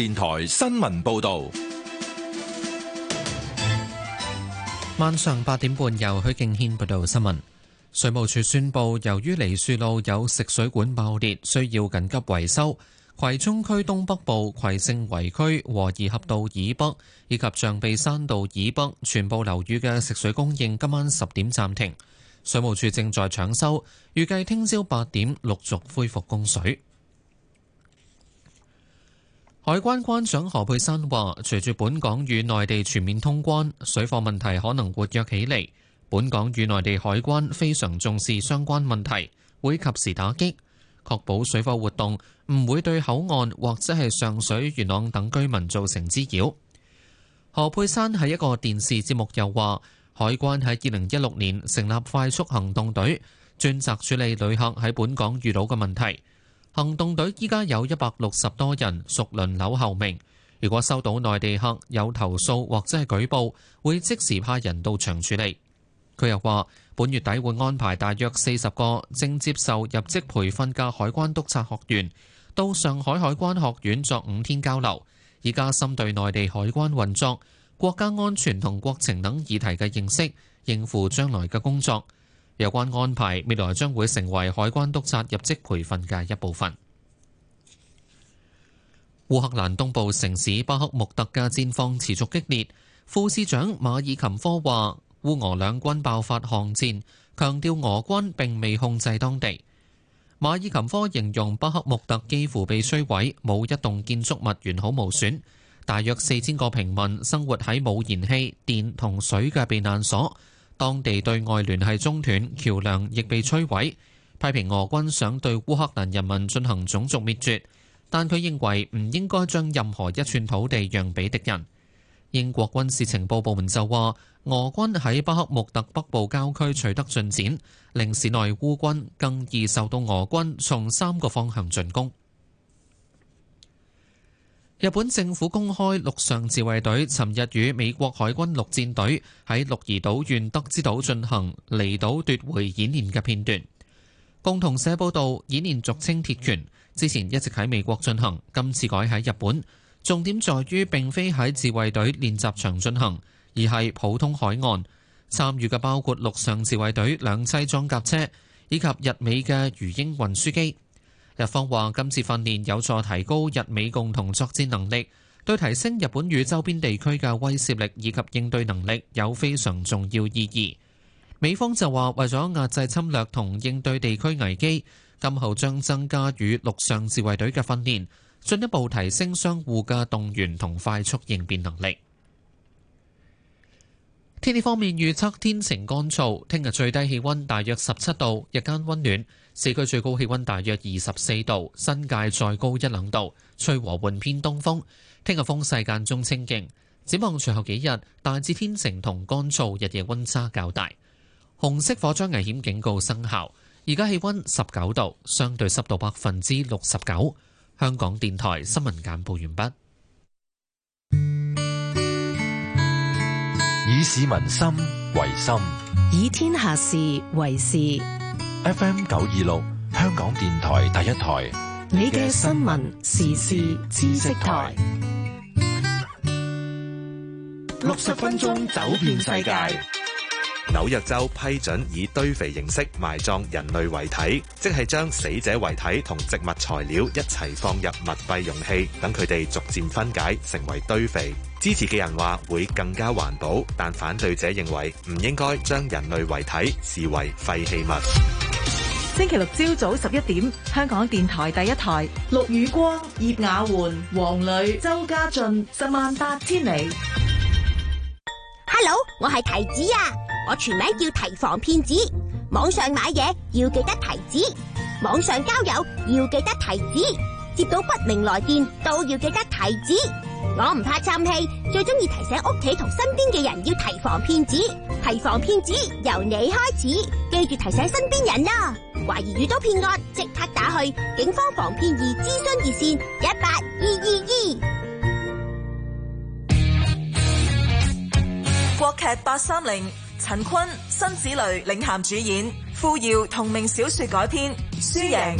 電台新聞報道，晚上八點半由許敬軒報道新聞。水務署宣佈，由於梨樹路有食水管爆裂，需要緊急維修。葵涌區東北部、葵盛圍區和宜合道以北以及象鼻山道以北全部樓宇嘅食水供應今晚十點暫停。水務署正在搶修，預計聽朝八點陸續恢復供水。海關關長何佩珊話，隨住本港與內地全面通關，水貨問題可能活躍起嚟。本港與內地海關非常重視相關問題，會及時打擊，確保水貨活動唔會對口岸或者係上水、元朗等居民造成滋擾。何佩珊喺一個電視節目又話，海關喺二零一六年成立快速行動隊，專責處理旅客喺本港遇到嘅問題。行動隊依家有一百六十多人，屬輪流候命。如果收到內地客有投訴或者係舉報，會即時派人到場處理。佢又話：本月底會安排大約四十個正接受入職培訓嘅海關督察學員到上海海關學院作五天交流，而加深對內地海關運作、國家安全同國情等議題嘅認識，應付將來嘅工作。有關安排未來將會成為海關督察入職培訓嘅一部分。烏克蘭東部城市巴克穆特嘅戰況持續激烈。副市長馬爾琴科話：烏俄兩軍爆發巷戰，強調俄軍並未控制當地。馬爾琴科形容巴克穆特幾乎被摧毀，冇一棟建築物完好無損。大約四千個平民生活喺冇燃氣、電同水嘅避難所。當地對外聯繫中斷，橋梁亦被摧毀。批評俄軍想對烏克蘭人民進行種族滅絕，但佢認為唔應該將任何一寸土地讓俾敵人。英國軍事情報部門就話，俄軍喺巴克穆特北部郊區取得進展，令市內烏軍更易受到俄軍從三個方向進攻。日本政府公開陸上自衛隊尋日與美國海軍陸戰隊喺鹿兒島縣德之島進行離島奪回演練嘅片段。共同社報道，演練俗稱鐵拳，之前一直喺美國進行，今次改喺日本，重點在於並非喺自衛隊練習場進行，而係普通海岸，參與嘅包括陸上自衛隊兩棲裝甲車以及日美嘅魚鷹運輸機。日方話今次訓練有助提高日美共同作戰能力，對提升日本與周邊地區嘅威懾力以及應對能力有非常重要意義。美方就話為咗壓制侵略同應對地區危機，今後將增加與陸上自衛隊嘅訓練，進一步提升相互嘅動員同快速應變能力。天氣方面，預測天晴乾燥，聽日最低氣溫大約十七度，日間溫暖。市區最高氣溫大約二十四度，新界再高一兩度，吹和緩偏東風。聽日風勢間中清勁。展望隨後幾日，大致天晴同乾燥，日夜溫差較大。紅色火災危險警告生效。而家氣溫十九度，相對濕度百分之六十九。香港電台新聞簡報完畢。以市民心為心，以天下事為事。F. M. 九二六，香港電台第一台。你嘅新聞時事知識台。六十分鐘走遍世界。紐約州批准以堆肥形式埋葬人類遺體，即係將死者遺體同植物材料一齊放入密閉容器，等佢哋逐漸分解成為堆肥。支持嘅人話會更加環保，但反對者認為唔應該將人類遺體視為廢棄物。星期六朝早十一點，香港電台第一台。陸雨光、葉雅媛，黃磊、周家俊，十萬八千里。Hello，我係提子啊！我全名叫提防騙子。網上買嘢要記得提子，網上交友要記得提子，接到不明來電都要記得提子。我唔怕嘥氣，最中意提醒屋企同身邊嘅人要提防騙子。提防騙子由你開始，記住提醒身邊人啦、啊。懷疑遇到騙案，即刻打去警方防騙易諮詢熱線一八二二二。國劇八三零，陳坤、辛芷蕾領銜主演，付遙同名小說改編。輸贏。輸贏。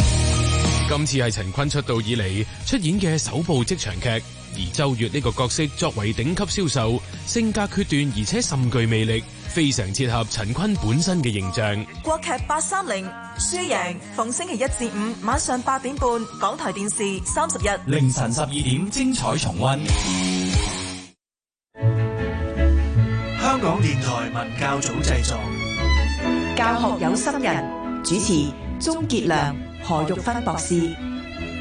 今次係陳坤出道以嚟出演嘅首部職場劇。而周月呢個角色作為頂級銷售，性格決斷，而且甚具魅力，非常切合陳坤本身嘅形象。國劇八三零輸贏，逢星期一至五晚上八點半，港台電視三十日凌晨十二點，精彩重温。香港電台文教組製作，教學有心人主持，鍾杰良、何玉芬博士，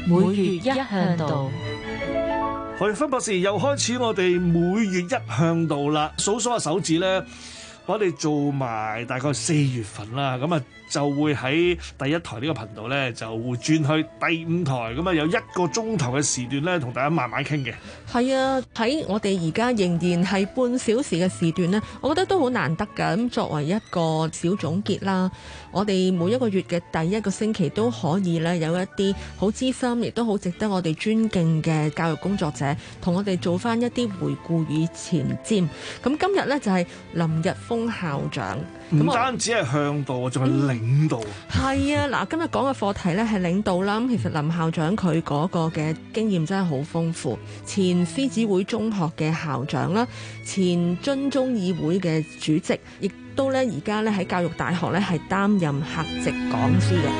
每月一嚮導。佢分博士又開始，我哋每月一嚮導啦，數數下手指咧，我哋做埋大概四月份啦，咁啊就會喺第一台呢個頻道咧，就會轉去第五台咁啊，有一個鐘頭嘅時段咧，同大家慢慢傾嘅。係啊，喺我哋而家仍然係半小時嘅時段咧，我覺得都好難得㗎。咁作為一個小總結啦。我哋每一個月嘅第一個星期都可以咧，有一啲好資深，亦都好值得我哋尊敬嘅教育工作者，同我哋做翻一啲回顧與前瞻。咁今日呢，就係林日豐校長。唔單止係嚮導，仲係領導。係、嗯、啊，嗱，今日講嘅課題咧係領導啦。咁其實林校長佢嗰個嘅經驗真係好豐富，前獅子會中學嘅校長啦，前津中議會嘅主席，亦都咧而家咧喺教育大學咧係擔任客席講師嘅。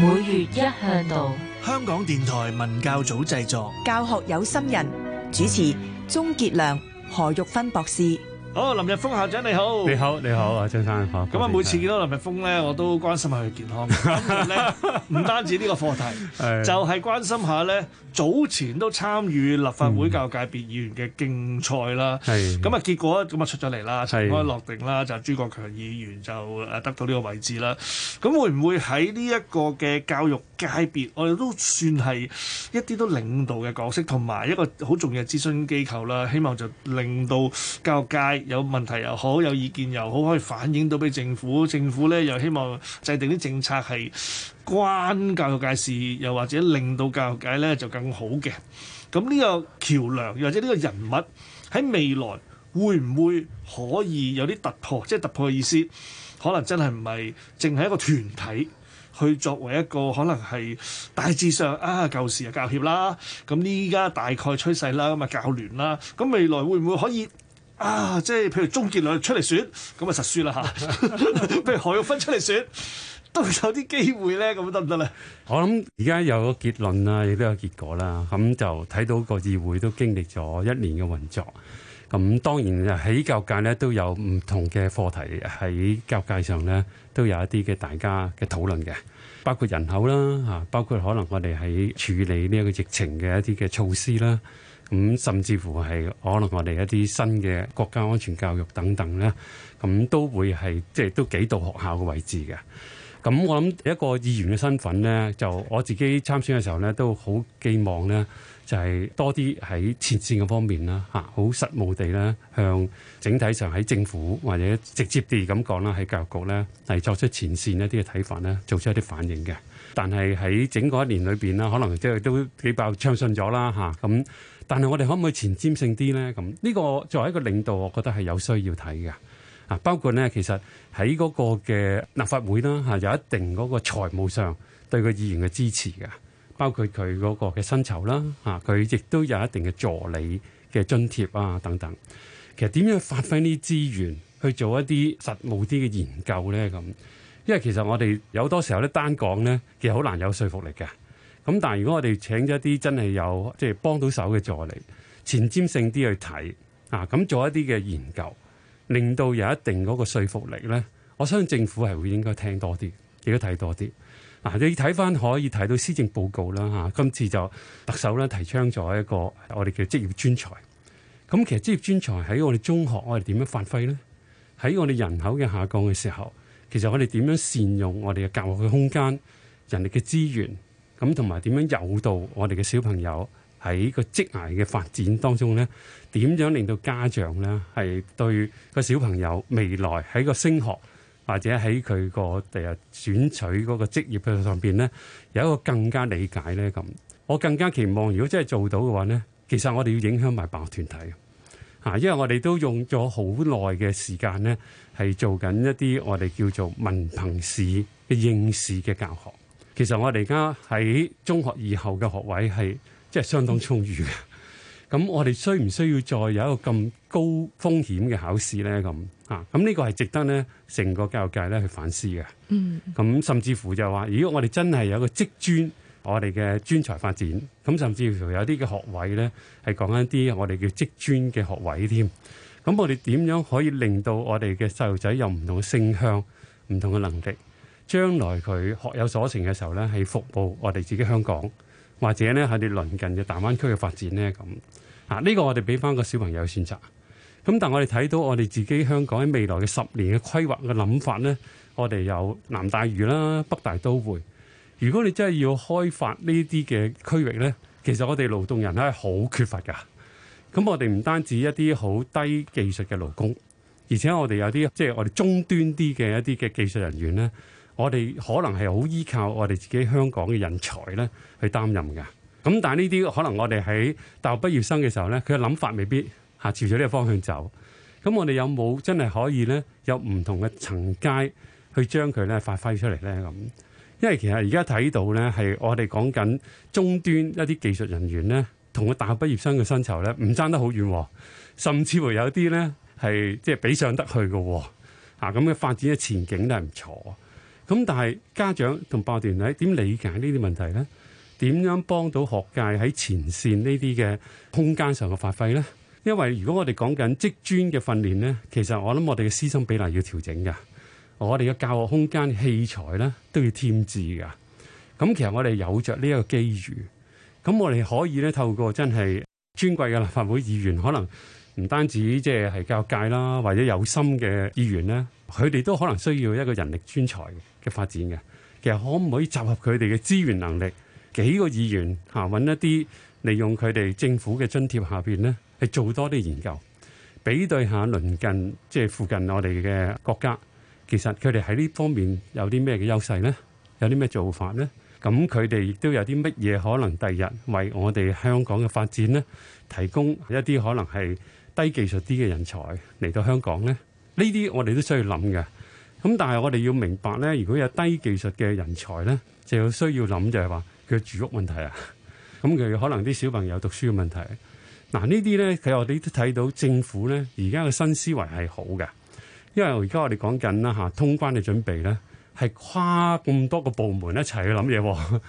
每月一嚮導，香港電台文教組製作，教學有心人主持，鍾傑良、何玉芬博士。好，林日豐校長，你好，你好，你好，你好啊，張生，好。咁啊，每次見到林日豐咧，我都關心下佢健康唔 單止呢個課題， 的就係關心下咧，早前都參與立法會教育界別議員嘅競賽啦，咁啊、嗯、結果咁啊的出咗嚟啦，塵埃落定啦，的就朱國強議員就得到呢個位置啦，咁會唔會喺呢一個嘅教育界別我哋都算係一啲都領導嘅角色，同埋一個好重要嘅諮詢機構啦。希望就令到教育界有問題又好，有意見又好，可以反映到俾政府。政府呢又希望制定啲政策係關教育界事，又或者令到教育界呢就更好嘅。咁呢個橋梁，又或者呢個人物喺未來會唔會可以有啲突破？即係突破嘅意思，可能真係唔係淨係一個團體。佢作為一個可能係大致上啊舊時嘅教協啦，咁依家大概趨勢啦，咁啊教聯啦，咁未來會唔會可以啊？即係譬如鍾健亮出嚟選，咁啊實輸啦嚇。 譬如何玉芬出嚟選，都有啲機會咧，咁得唔得咧？我諗而家有個結論啦，亦都有結果啦。咁就睇到個議會都經歷咗一年嘅運作。咁當然喺教育界咧都有唔同嘅課題，喺教育界上咧都有一啲嘅大家嘅討論嘅，包括人口啦，嚇，包括可能我哋喺處理呢一個疫情嘅一啲嘅措施啦，咁甚至乎係可能我哋一啲新嘅國家安全教育等等咧，咁都會係即係都幾到學校嘅位置嘅。咁我諗一個議員嘅身份咧，就我自己參選嘅時候咧，都好寄望咧，就係、是、多啲喺前線嘅方面啦，嚇，好實務地咧，向整體上喺政府或者直接地咁講啦，喺教育局咧係作出前線一啲嘅睇法咧，做出一啲反應嘅。但係喺整個一年裏面啦，可能即都幾爆暢信暢順咗啦，咁、啊、但係我哋可唔可以前瞻性啲咧？咁呢個作為一個領導，我覺得係有需要睇嘅。啊，包括咧，其實喺嗰個嘅立法會啦，嚇，有一定嗰個財務上對個議員嘅支持嘅，包括佢嗰個嘅薪酬啦，嚇，佢亦都有一定嘅助理嘅津貼啊等等。其實點樣發揮呢資源去做一啲實務啲嘅研究咧？咁，因為其實我哋有多時候咧，單講咧，其實好難有說服力嘅。咁但係如果我哋請咗一啲真係有即係、就是、幫到手嘅助理，前瞻性啲去睇啊，咁做一啲嘅研究。令到有一定嗰個說服力咧，我相信政府係會應該聽多啲，亦都睇多啲。嗱，你睇翻可以睇到施政報告啦嚇，今次就特首咧提倡咗一個我哋嘅職業專才。咁其實職業專才喺我哋中學我們，我哋點樣發揮咧？喺我哋人口嘅下降嘅時候，其實我哋點樣善用我哋嘅教學嘅空間、人力嘅資源，咁同埋點樣誘導我哋嘅小朋友？喺個職涯嘅發展當中咧，點樣令到家長咧係對個小朋友未來喺個升學或者喺佢個第日選取嗰個職業嘅上邊咧，有一個更加理解咧？咁我更加期望，如果真係做到嘅話咧，其實我哋要影響埋辦學團體啊，因為我哋都用咗好耐嘅時間咧，係做緊一啲我哋叫做文憑試嘅應試嘅教學。其實我哋而家喺中學以後嘅學位係。即係相當充裕嘅，咁我哋需唔需要再有一個咁高風險嘅考試咧？咁啊、咁、這、呢個係值得咧，成個教育界咧去反思嘅。嗯，咁甚至乎就話，如果我哋真係有一個職專，我哋嘅專才發展，咁甚至乎有啲嘅學位咧係講緊一啲我哋叫職專嘅學位添。咁我哋點樣可以令到我哋嘅細路仔有唔同嘅性向、唔同嘅能力，將來佢學有所成嘅時候咧，係服務我哋自己香港。或者咧喺啲鄰近嘅大灣區嘅發展咧咁，啊、這、呢個我哋俾翻個小朋友的選擇。咁但係我哋睇到我哋自己香港喺未來嘅十年嘅規劃嘅諗法咧，我哋有南大嶼啦、北大都會。如果你真係要開發呢啲嘅區域咧，其實我哋勞動人口係好缺乏噶。咁我哋唔單止一啲好低技術嘅勞工，而且我哋有啲即係我哋中端啲嘅一啲嘅技術人員咧。我哋可能係好依靠我哋自己香港嘅人才咧去擔任嘅。咁但係呢啲可能我哋喺大學畢業生嘅時候咧，佢嘅諗法未必嚇朝住呢個方向走。咁我哋有冇真係可以咧，有唔同嘅層階去將佢咧發揮出嚟咧？咁因為其實而家睇到咧，係我哋講緊中端一啲技術人員咧，同個大學畢業生嘅薪酬咧唔爭得好遠，甚至乎有啲咧係即係比上得去嘅。啊，咁嘅發展嘅前景都係唔錯。咁但係家長同辦團體點理解呢啲問題咧？點樣幫到學界喺前線這些呢啲嘅空間上嘅發揮咧？因為如果我哋講緊職專嘅訓練咧，其實我諗我哋嘅師生比例要調整噶，我哋嘅教學空間器材咧都要添置噶。咁其實我哋有着呢個機遇，咁我哋可以咧透過真係尊貴嘅立法會議員，可能唔單止即係教界啦，或者有心嘅議員咧。佢哋都可能需要一個人力專才嘅發展嘅，其實可唔可以集合佢哋嘅資源能力，幾個議員吓揾、啊、一啲，利用佢哋政府嘅津貼下邊咧，去做多啲研究，比對下鄰近即係、就是、附近我哋嘅國家，其實，佢哋喺呢方面有啲咩嘅優勢咧？有啲咩做法咧？咁佢哋亦都有啲乜嘢可能第日為我哋香港嘅發展咧，提供一啲可能係低技術啲嘅人才嚟到香港咧？呢啲我哋都需要諗嘅，咁但係我哋要明白咧，如果有低技術嘅人才咧，就要需要諗就係話佢嘅住屋問題啊，咁佢可能啲小朋友讀書嘅問題，嗱呢啲咧，其實我哋都睇到政府咧，而家嘅新思維係好嘅，因為而家我哋講緊啦吓通關嘅準備咧，係跨咁多個部門一齊去諗嘢。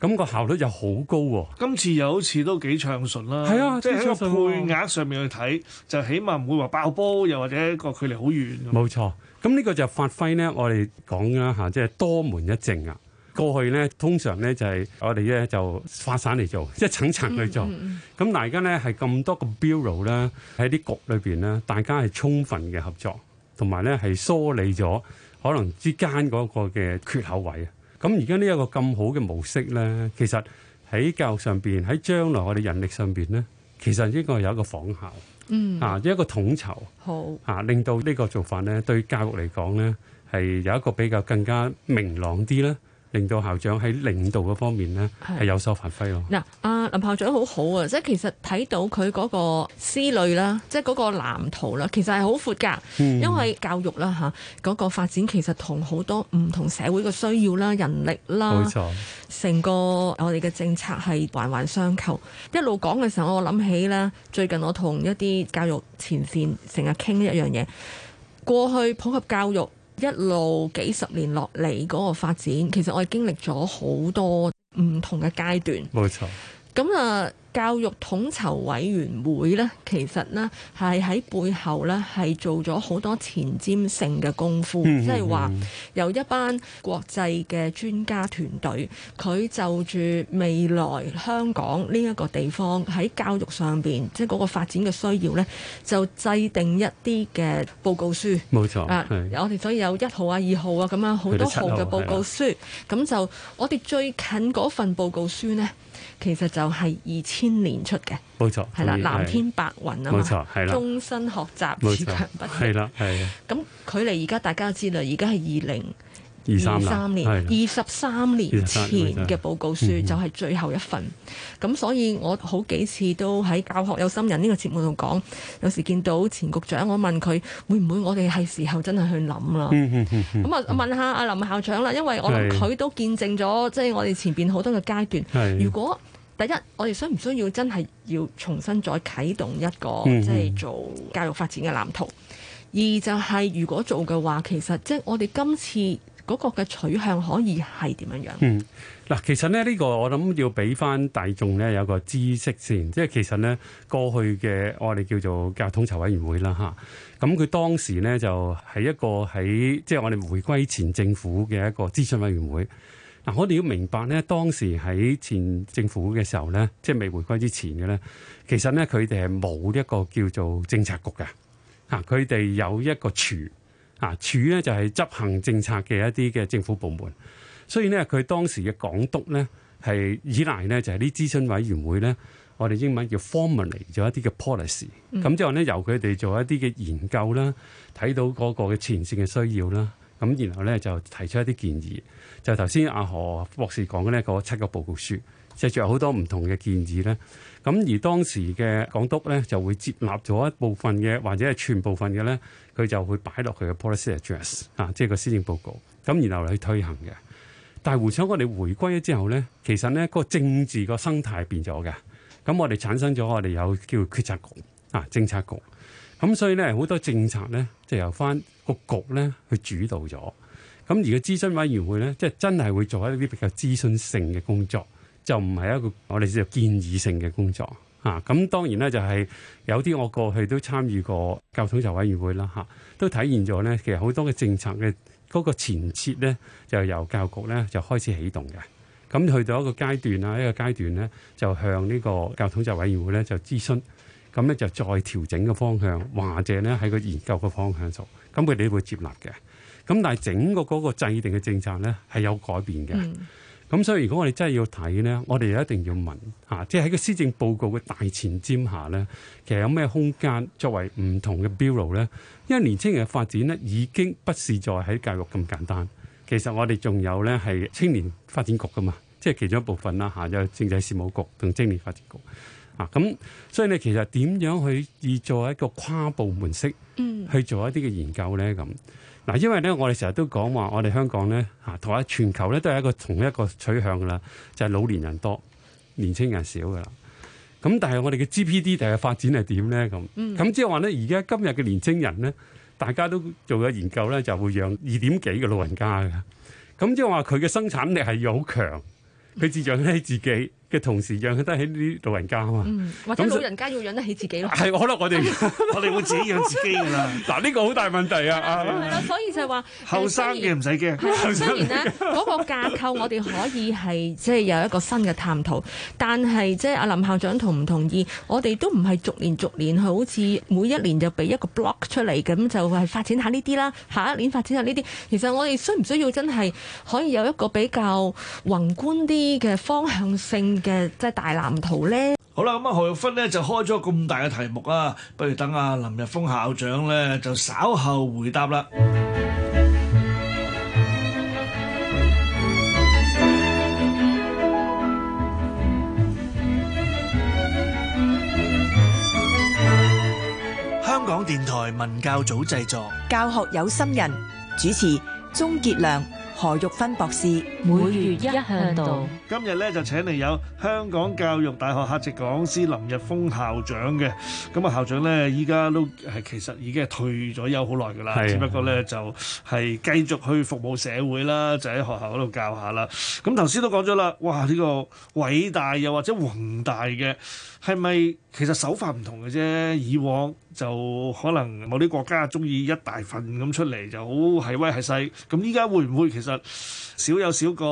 咁個效率就好高喎、啊！今次又好似都幾暢順啦、啊，啊、即係喺個配額上面去睇，啊、就起碼唔會話爆煲，又或者個距離好遠。冇錯，咁呢個就發揮呢。我哋講啦吓即係多門一正啊。過去呢，通常呢就係我哋咧就發散嚟做，即係層層去做。咁、嗯嗯、大家呢係咁多個 bureau 啦，喺啲局裏面啦，大家係充分嘅合作，同埋呢係梳理咗可能之間嗰個嘅缺口位啊。咁而家呢一個咁好嘅模式咧，其實喺教育上邊，喺將來我哋人力上邊咧，其實應該有一個仿效，嗯，啊，一個統籌，好，啊，令到呢個做法咧，對教育嚟講咧，係有一個比較更加明朗啲咧。令到校長喺領導嗰方面呢係有所發揮咯。嗱，阿林校長好好啊，即係其實睇到佢嗰個思慮啦，即係嗰個藍圖啦，其實係好闊㗎。嗯、因為教育啦嚇嗰個發展，其實同好多唔同社會嘅需要啦、人力啦，冇錯，成個我哋嘅政策係環環相扣。一路講嘅時候，我諗起咧，最近我同一啲教育前線成日傾一樣嘢，過去普及教育。一路幾十年落嚟嗰個發展，其實我哋經歷咗好多唔同嘅階段。冇錯，咁啊。教育統籌委員會呢，其實呢，係喺背後呢，係做咗好多前瞻性嘅功夫， 即係話有一班國際嘅專家團隊，佢就住未來香港呢一個地方喺教育上邊，即係嗰個發展嘅需要呢，就制定一啲嘅報告書，冇錯，啊、uh, 是！我哋所以有一號啊、二號啊咁樣好多號嘅報告書，咁就我哋最近嗰份報告書呢。其實就係二千年出嘅，冇錯，係啦了，表藍天白雲啊嘛，冇錯，係啦，錯終身學習，自錯強不息，係啦錯，係。 咁距離而家大家都知啦，而家係二零二三年，二十三年前嘅報告書就係最後一份。咁所以，我好幾次都喺教學有心人呢個節目度講。有時見到前局長，我問佢會唔會我哋係時候真係去諗啦。咁啊，問下阿林校長啦，因為我佢都見證咗，即係我哋前邊好多嘅階段。如果第一，我哋需唔需要真係要重新再啟動一個，即係做教育發展嘅藍圖？二就係如果做嘅話，其實即係我哋今次。嗰個嘅取向可以係點樣樣？嗯，嗱，其實咧呢個我諗要俾翻大眾咧有一個知識先，即係其實咧過去嘅我哋叫做教育統籌委員會啦吓，咁佢當時咧就喺一個喺即係我哋回歸前政府嘅一個諮詢委員會。嗱，我哋要明白咧當時喺前政府嘅時候咧，即係未回歸之前嘅咧，其實咧佢哋係冇一個叫做政策局嘅，啊，佢哋有一個廚。啊，處咧就係執行政策嘅一啲嘅政府部門，所以咧佢當時嘅港督咧係依賴咧就係啲諮詢委員會咧，我哋英文叫 formulate、嗯、做一啲嘅 policy，咁之後咧由佢哋做一啲嘅研究啦，睇到嗰個嘅前線嘅需要啦，咁然後咧就提出一啲建議，就頭先阿何博士講嘅呢個七個報告書，就仲有好多唔同嘅建議咧，咁而當時嘅港督咧就會接納咗一部分嘅，或者係全部份嘅咧。佢就會擺落佢嘅 policy address 啊，即係個施政報告，咁然後去推行嘅。但係回請我哋回歸咗之後咧，其實咧個政治個生態變咗嘅。咁我哋產生咗我哋有叫決策局啊，政策局。咁所以咧好多政策咧，就由翻個局咧去主導咗。咁而個諮詢委員會咧，即係真係會做一啲比較諮詢性嘅工作，就唔係一個我哋叫做建議性嘅工作。啊，咁當然咧就係有啲我過去都參與過教統籌委員會啦，嚇、啊，都體現咗咧，其實好多嘅政策嘅嗰個前設咧就由教育局咧就開始起動嘅。咁去到一個階段啊，一個階段咧就向呢個教統籌委員會咧就諮詢，咁咧就再調整個方向，或者咧喺個研究嘅方向做，咁佢哋會接納嘅。咁但係整個嗰個制定嘅政策咧係有改變嘅。嗯。咁所以如果我哋真係要睇咧，我哋一定要問吓，即係喺個施政報告嘅大前瞻下咧，其實有咩空間作為唔同嘅 Bureau 咧？因為年青人嘅發展咧已經不是在喺教育咁簡單。其實我哋仲有咧係青年發展局噶嘛，即係其中一部分啦嚇、啊，有政制事務局同青年發展局啊，咁所以咧其實點樣去以作為一個跨部門式去做一啲嘅研究咧咁？嗯嗱，因為咧，我哋成日都講話，我哋香港咧嚇同埋全球咧都係一個同一個取向噶啦，就係老年人多，年青人少噶啦。咁但係我哋嘅 GPD 定係發展係點咧？咁咁即係話咧，而家今日嘅年青人咧，大家都做咗研究咧，就會養二點幾嘅老人家噶。咁即係話佢嘅生產力係要好強，佢自養喺自己。嘅同時養佢得起啲老人家啊嘛，嗯、或者老人家要養得起自己咯。係、嗯，可能我哋 我哋會自己養自己㗎啦。嗱、 啊，呢、個好大問題啊！係啦， 所以就係話後生嘅唔使驚。嗯、雖然咧嗰 架構我哋可以係即係有一個新嘅探討，但係即係阿林校長同唔同意？我哋都唔係逐年逐年去，好似每一年就俾一個 block 出嚟，咁就係發展下呢啲啦。下一年發展下呢啲。其實我哋需唔需要真係可以有一個比較宏觀啲嘅方向性？嘅即係大藍圖咧，好啦，咁啊何玉芬咧就開咗咁大嘅題目啦，不如等阿林日豐校長咧就稍後回答啦。香港電台文教組製作，教學有心人主持，鍾杰良。何玉芬博士每月一嚮導，今日咧就請嚟，有香港教育大學客席講師林日豐校長嘅。咁啊校長咧依家都係其實已經係退咗休好耐噶啦，的只不過咧就係、是、繼續去服務社會啦，就喺學校嗰度教下啦。咁頭先都講咗啦，哇呢、這個偉大又或者宏大嘅係咪其實手法唔同嘅啫？以往就可能某啲國家中意一大份咁出嚟就好係威係勢，咁依家會唔會其實少有少改、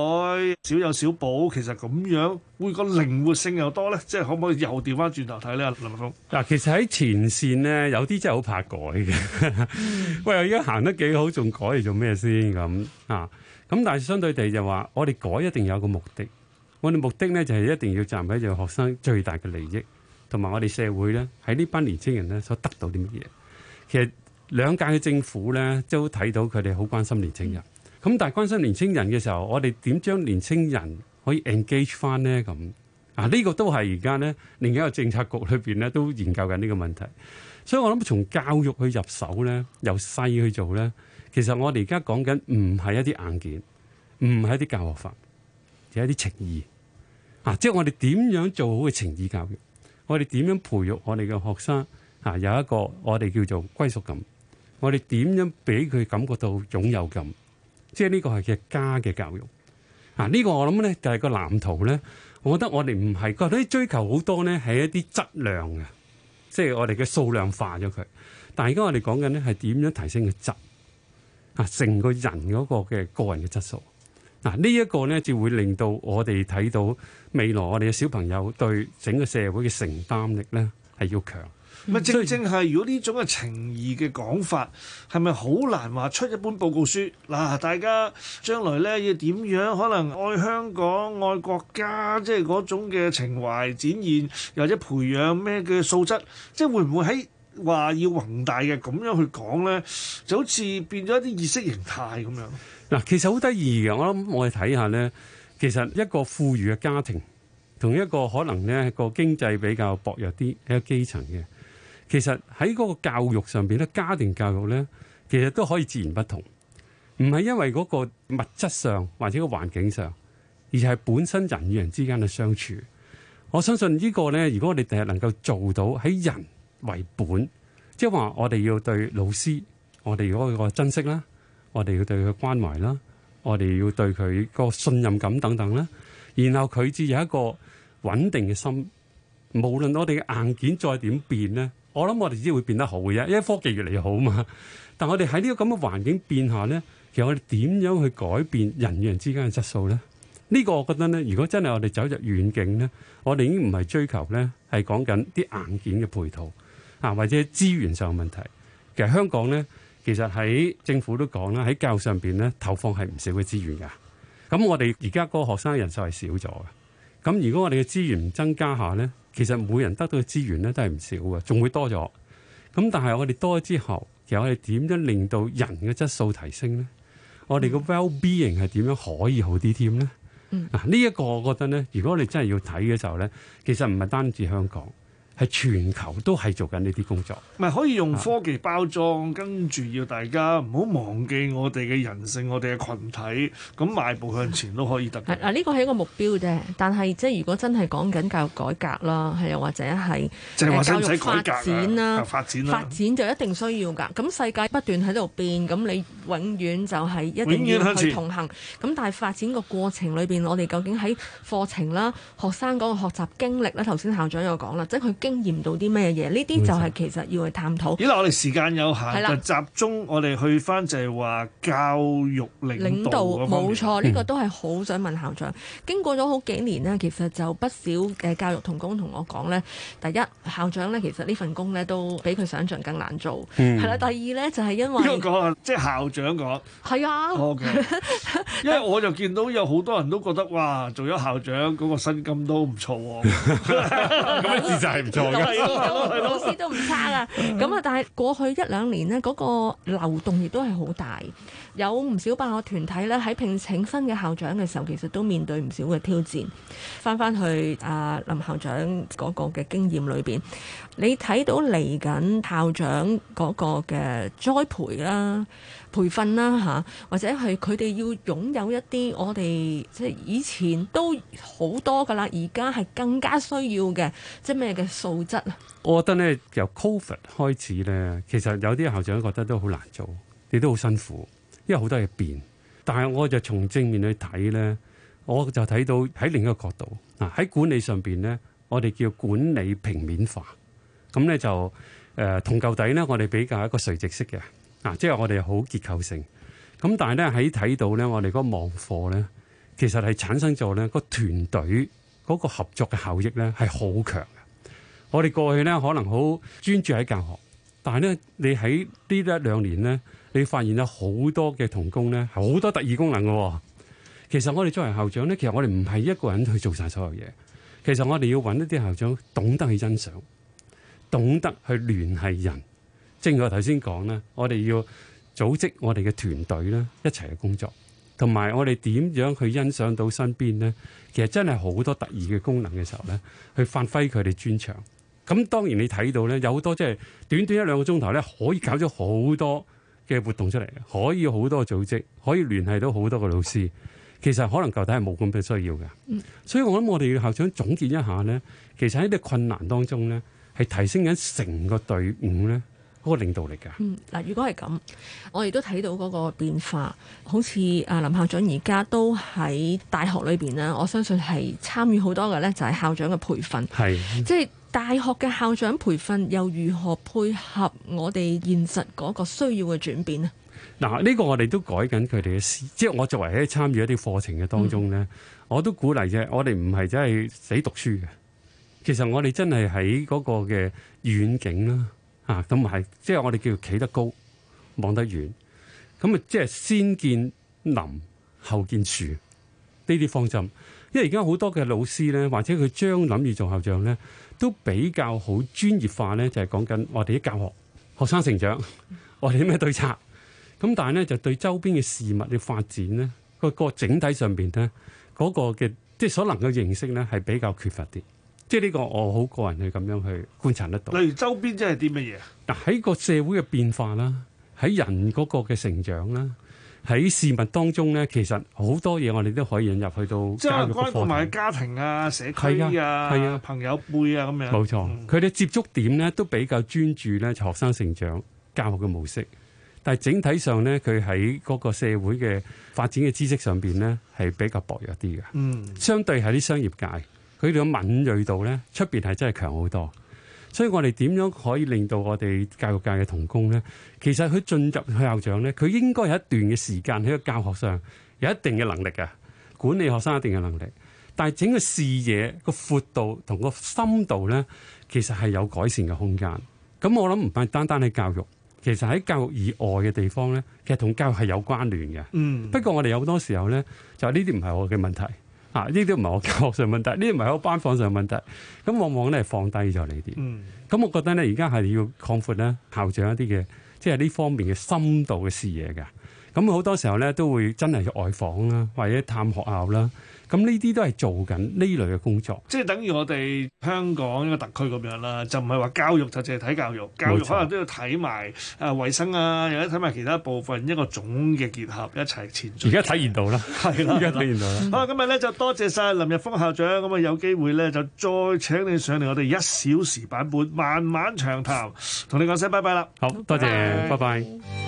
少有少補？其實咁樣會個靈活性又多咧，即係可唔可以又調翻轉頭睇咧？林日豐嗱，其實喺前線咧，有啲真係好怕改嘅。喂，而家行得幾好，仲改嚟做咩先咁啊？咁但係相對地就話，我哋改一定有個目的。我哋目的咧就係一定要站喺住學生最大嘅利益，同埋我哋社會咧喺呢班年青人咧所得到啲乜嘢。其實兩屆嘅政府咧都睇到佢哋好關心年青人，咁但係關心年青人嘅時候，我哋點將年青人可以 engage 翻呢？咁啊？呢、這個都係而家呢，另一個政策局裏邊咧都研究緊呢個問題。所以我諗從教育去入手咧，由細去做咧，其實我哋而家講緊唔係一啲硬件，唔係一啲教學法。有一啲情意啊，即係我哋點樣做好嘅情意教育？我哋點樣培育我哋嘅學生啊？有一個我哋叫做歸屬感，我哋點樣俾佢感覺到擁有感？即係呢個係嘅家嘅教育啊！呢個我諗咧就係個藍圖咧。我覺得我哋唔係覺得追求好多咧，係一啲質量嘅，即係我哋嘅數量化咗佢。但係而家我哋講緊咧係點樣提升嘅質啊？成個人嗰個嘅個人嘅質素。嗱，這呢一個咧，就會令到我哋睇到未來我哋嘅小朋友對整個社會嘅承擔力咧，係要強。唔、嗯、正正係如果呢種嘅情義嘅講法，係咪好難話出一本報告書？嗱，大家將來咧要點樣？可能愛香港、愛國家，即係嗰種嘅情懷展現，又或者培養咩嘅素質？即係會唔會喺？話要宏大嘅咁樣去講呢，就好似變咗一啲意識形態咁樣。嗱，其實好得意嘅，我諗我哋睇下呢，其實一個富裕嘅家庭，同一個可能呢個經濟比較薄弱啲一個基層嘅，其實喺嗰個教育上邊咧，家庭教育呢，其實都可以自然不同，唔係因為嗰個物質上或者個環境上，而係本身人與人之間嘅相處。我相信呢個呢，如果我哋第日能夠做到喺人為本，即係話我哋要對老師，我哋要對佢個珍惜啦，我哋要對佢關懷啦，我哋要對佢個信任感等等啦，然後佢至有一個穩定嘅心。無論我哋嘅硬件再點變咧，我諗我哋只會變得好嘅啫，因為科技越嚟越好嘛。但我哋喺呢個咁嘅環境變下咧，其實我哋點樣去改變人與人之間嘅質素咧？呢個我覺得咧，如果真係我哋走入遠景咧，我哋已經唔係追求咧，係講緊啲硬件嘅配套，啊，或者資源上嘅問題。其實香港咧，其實喺政府都講啦，喺教育上邊咧投放係唔少嘅資源噶。咁我哋而家嗰個學生人數係少咗嘅。咁如果我哋嘅資源唔增加下咧，其實每人得到嘅資源咧都係唔少嘅，仲會多咗。咁但係我哋多咗之後，其實我哋點樣令到人嘅質素提升咧？我哋嘅 well-being 係點樣可以好啲添咧？嗯，嗱呢一個我覺得咧，如果我哋真係要睇嘅時候咧，其實唔係單止香港。係全球都係做緊呢啲工作，唔係可以用科技包裝，嗯、跟住要大家唔好忘記我哋嘅人性，我哋嘅群體，咁邁步向前都可以得。嗱，呢個係一個目標啫。但係即係如果真係講緊教育改革啦，係又或者係即係話教育發展啦，發展啦，發展就一定需要㗎。咁世界不斷喺度變，咁你永遠就係一定永遠向前，同行。咁但係發展個過程裏邊，我哋究竟喺課程啦、學生嗰個學習經歷啦，頭先校長又講啦，即係佢經驗到啲咩嘢呢？呢啲就係其實要去探討。咦，嗱，我哋時間有限，的就集中我哋去翻就係話教育領導。領導冇錯，呢、這個都係好想問校長。嗯、經過咗好幾年呢，其實就不少嘅教育同工同我講咧，第一校長咧，其實呢份工咧都比佢想象更難做。係啦、嗯，第二咧就係因為。講即係校長講，係啊的，因為我就見到有好多人都覺得哇，做咗校長嗰、那個薪金都唔錯，咁嘅志在係唔。 老師都唔差啦，咁啊，但係過去一兩年呢，嗰、嗰個流動亦都係好大，有唔少辦學團體咧喺聘請新嘅校長嘅時候，其實都面對唔少嘅挑戰。翻翻去阿林校長嗰個嘅經驗裏邊，你睇到嚟緊校長嗰個嘅栽培啦。培訓啦吓，或者係佢哋要擁有一啲我哋即係以前都好多噶啦，而家係更加需要嘅，即係咩嘅素質啊？我覺得咧，由 Covid 開始咧，其實有啲校長覺得都好難做，你都好辛苦，因為好多嘢變，但係我就從正面去睇咧，我就睇到喺另一個角度嗱，喺管理上邊咧，我哋叫管理平面化，咁咧就誒，同舊底咧，我哋比較一個垂直式嘅。嗱，即係我哋好結構性，咁但係咧喺，睇到咧，我哋個網課咧，其實係產生咗咧個團隊個合作嘅效益咧，係好強嘅。我哋過去咧可能好專注喺教學，但係咧你喺呢一兩年咧，你發現有好多嘅同工咧，好多特異功能嘅。其實我哋作為校長咧，其實我哋唔係一個人去做晒所有嘢。其實我哋要揾一啲校長懂得去欣賞，懂得去聯繫人。正如我頭先講咧，我哋要組織我哋嘅團隊咧，一齊嘅工作，同埋我哋點樣去欣賞到身邊咧，其實真係好多特異嘅功能嘅時候咧，去發揮佢哋專長。咁當然你睇到咧，有好多即係、就是、短短一兩個鐘頭咧，可以搞咗好多嘅活動出嚟，可以好多組織，可以聯繫到好多個老師。其實可能舊底係冇咁嘅需要嘅，嗯，所以我諗我哋要校長總結一下咧，其實喺啲困難當中咧，係提升緊成個隊伍咧。嗰個領導力㗎。嗯，嗱，如果係咁，我亦都睇到嗰個變化。好似阿林校長而家都喺大學裏邊咧，我相信係參與好多嘅咧，就係校長嘅培訓。係的。即係大學嘅校長培訓，又如何配合我哋現實嗰個需要嘅轉變咧？嗱、嗯，呢、呢個我哋都改緊佢哋嘅，事。即、就、係、係、我作為喺參與一啲課程嘅當中咧，嗯、我都鼓勵啫。我哋唔係真係死讀書嘅，其實我哋真係喺嗰個嘅遠景啦。啊，咁咪即係我哋叫企得高，望得遠，咁啊，即係先見林後見樹呢啲方針。因為而家好多嘅老師咧，或者佢將諗住做校長咧，都比較好專業化咧，就係、是、講緊我哋啲教學、學生成長，我哋啲咩對策。咁但係咧，就對周邊嘅事物嘅發展咧，個、那個整體上邊咧，嗰、那個嘅即係所能夠認識咧，係比較缺乏啲。即係呢個，我好個人去咁樣去觀察得到。例如周邊即係啲乜嘢？嗱喺個社會嘅變化啦，喺人嗰個嘅成長啦，喺事物當中咧，其實好多嘢我哋都可以引入去到教育課堂。包括埋家庭啊、社區啊、啊啊朋友輩啊咁樣。冇錯錯，佢哋、嗯、接觸點咧都比較專注咧學生成長教學嘅模式，但係整體上咧佢喺嗰個社會嘅發展嘅知識上邊咧係比較薄弱啲嘅。嗯，相對喺啲商業界。佢哋嘅敏銳度咧，出邊係真係強好多。所以我哋點樣可以令到我哋教育界嘅同工咧，其實佢進入校長咧，佢應該有一段嘅時間喺個教學上，有一定嘅能力嘅，管理學生一定嘅能力。但係整個視野個闊度同個深度咧，其實係有改善嘅空間。咁我諗唔係單單喺教育，其實喺教育以外嘅地方咧，其實同教育係有關聯嘅。嗯。不過我哋有好多時候咧，就係呢啲唔係我嘅問題。呢啲唔係我教學上的問題，呢啲唔係我班房上的問題，咁往往咧係放低咗嚟啲。咁、嗯、我覺得咧，而家係要擴闊咧校長一啲嘅，即係呢方面嘅深度嘅視野噶。咁好多時候咧，都會真係去外訪啦，或者探學校啦。咁呢啲都係做緊呢類嘅工作，即係等於我哋香港一個特區咁樣啦，就唔係話教育就淨係睇教育，教育可能都要睇埋誒衛生啊，或者睇埋其他部分，一個總嘅結合一齊前進。而家體現到啦，係而家體現到啦。 好啊，今日咧就多謝晒林日豐校長，咁啊有機會咧就再請你上嚟我哋一小時版本，慢慢長談，同你講聲拜拜啦。好，多謝，拜拜。